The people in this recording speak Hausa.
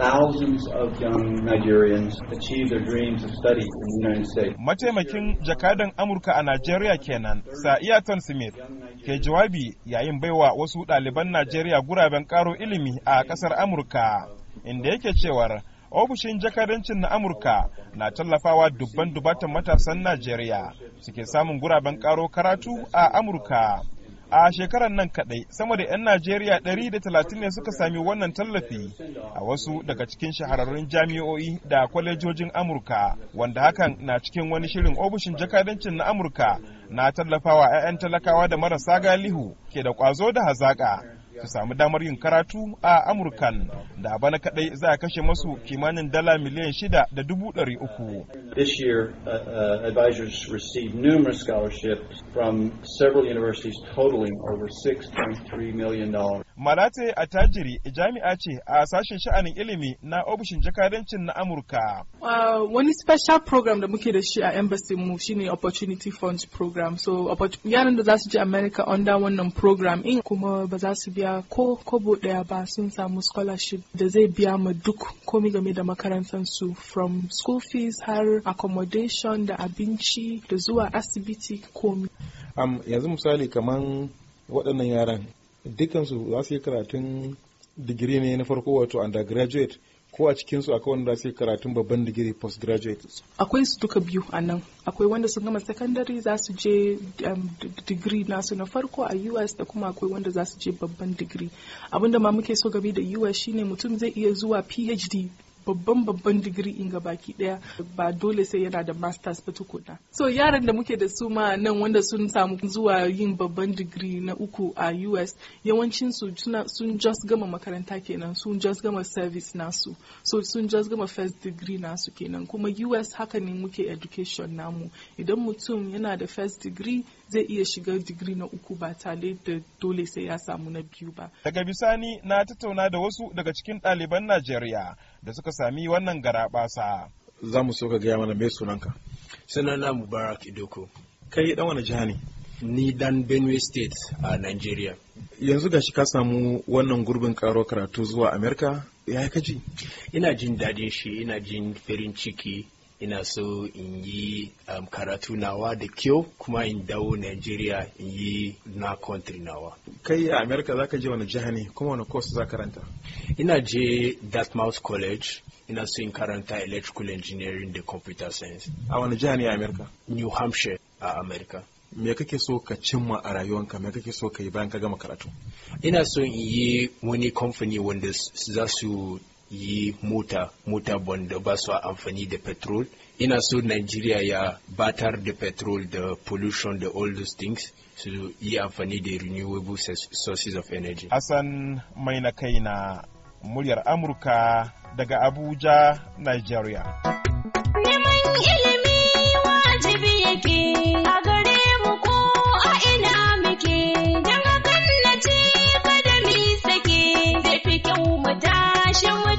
Thousands of young Nigerians achieve their dreams of study in the United States. Mataimakin jakadan Amurka a Najeriya kenan, Sa'iyaton Smith, ke jawabi yayin baiwa wasu ɗaliban Najeriya guraben ƙaro ilimi a ƙasar Amurka, inda yake cewar ofishin jakadancin na amurka na tallafawa dubban dubatan matasan najeriya suke samun guraben ƙaro karatu a amurka a shekarar nan kadai sama da 'yan najeriya 130 ne suka sami wannan tallafi a wasu daga cikin shahararrun jami'o'i da kwalejojin amurka wanda hakan na cikin wani shirin ofishin jakadancin na amurka na tallafawa 'ya'yan talakawa da marasa galihu ke da kwazo da hazaka su samu damar yin karatu a amurkan da bana kadai za a kashe masu kimanin dala miliyan shida da dubu ɗari uku This year, uh, uh, advisors received numerous scholarships from several universities totaling over $6.3 million. Malate Attajiri jami'a ce a sashen sha'anin ilimi na ofishin jakadancin na Amurka. Wani special program da muke da shi a embassy mu shine Opportunity Funds program. So yaran da za su je America under wannan program in kuma ba za su biya ko kobo daya ba sun samu scholarship da zai biya ma duk komi game da makarantar su from school fees har accommodation da abinci da zuwa asibiti komi. Um, yanzu misali kamar waɗannan yaran dukansu za su yi karatun digiri ne na farko wato undergraduate ko a cikinsu akwai wanda su yi karatun babban digiri postgraduate akwai su duka biyu a nan akwai wanda sun gama secondary za su je um, digiri nasu na farko a us da kuma akwai wanda za su je babban digiri abinda ma muke so gabi da us shine mutum zai iya zuwa phd babban babban digiri in baki daya ba dole sai yana da masters ba tukuna so yaran da muke da su ma nan wanda sun samu zuwa yin babban digiri na uku a US yawancin su sun just gama makaranta kenan sun just gama service nasu so sun just gama first degree nasu kenan kuma US haka ne muke education namu idan mutum yana da first degree zai iya shiga digiri na uku ba tare da dole sai ya samu na biyu ba. Daga bisani na tattauna da wasu daga cikin ɗaliban Najeriya da suka sami wannan garaɓasa. Za mu so ka gaya mana mai sunanka. Sunana Mubarak Idoko. Kai ɗan wani jiha ne? Ni dan Benue State a Najeriya. Yanzu gashi ka samu wannan gurbin karo karatu zuwa Amerika ya kaji? Ina jin daɗin shi, ina jin farin ciki, ina so in yi um, karatu nawa da kyau kuma in dawo Najeriya in yi na country nawa. Kai a Amerika za ka je wani jiha ne kuma wani course za karanta? Ina je Dartmouth College ina so in karanta electrical engineering da computer science. A wani jiha ne a Amerika? New Hampshire a Amerika. me kake so ka cimma a rayuwanka me kake so ka yi bayan ka gama karatu ina so in yi wani kamfani wanda za su yi mota mota wanda ba su amfani da petrol ina so Nigeria ya batar da petrol da pollution da all those things su so, yi amfani da renewable sources of energy Hassan mai na kai na muryar Amurka daga Abuja Nigeria Neman ilimi wajibi yake a ko a ina muke na mu